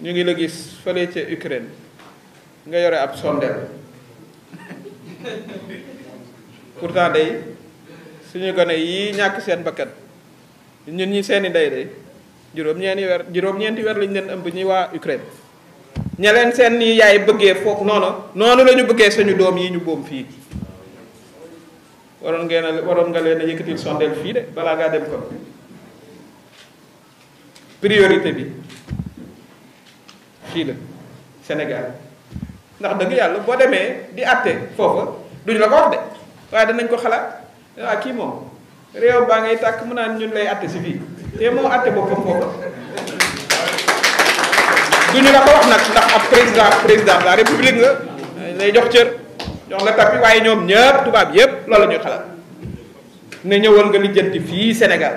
ñu ngi la gis fële ca Ukraine nga yore ab sondel pourtant day suñu gone yi ñàkk seen bakkan ñun ñi seeni day day juróom-ñeenti weer juróom-ñeenti weer lañ leen ëmb ñi waa Ukraine ña leen seen ni yaay bëggee foog noonu noonu la ñu bëggee suñu doom yi ñu boom fii waroon ngeen waroon nga leen a yëkkatil sondeel fii de balaa ngaa dem ko priorité bi fii la Sénégal ndax dëgg yàlla boo demee di àtte foofa duñ la ko wax de waaye danañ ko xalaat ah kii moom réew baa ngay tàkk mu naan ñun lay àtte si fii te moo àtte boppam foofa duñu la ko wax nag ndax ab président président la république la lay jox cër jox la tapi waaye ñoom ñëpp tubaab yëpp loolu la ñuy xalaat ne ñëwoon nga lijjanti fii Sénégal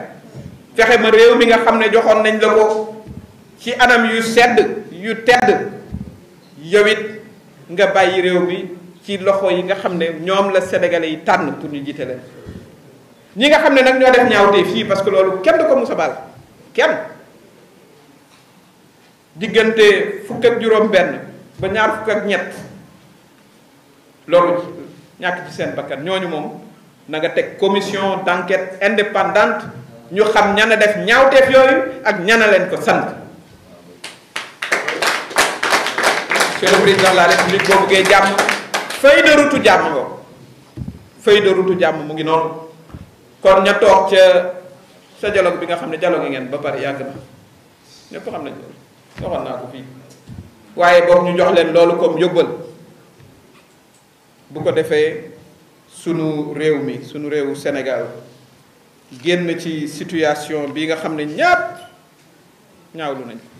fexe ma réew mi nga xam ne joxoon nañ la ko ci anam yu sedd yu tedd yow nga bàyyi réew bi ci loxo yi nga xam ne ñoom la sénégalais yi tànn pour ñu jiite leen ñi nga xam ne nag ñoo def ñaawtee fii parce que loolu kenn du ko musa kenn diggante fukk ak juróom-benn ba ñaar fukk ak ñett loolu ñàkk ci seen bakkan ñooñu moom nanga teg commission d'enquête indépendante ñu xam ñana def ñaawteef yooyu ak ñana leen ko sant monsieur le président de la république boo bëggee jàmm feuille de route jàmm nga feuille de route jàmm mu ngi noonu kon ña toog ca sa jaloo bi nga xam ne dialogue ngeen ba pare yàgg na ñépp xam nañ ko waxoon naa ko fii waaye boobu ñu jox leen loolu comme yóbbal bu ko defee sunu réew mi sunu réewu Sénégal génn ci situation bi nga xam ne ñépp ñaawlu nañ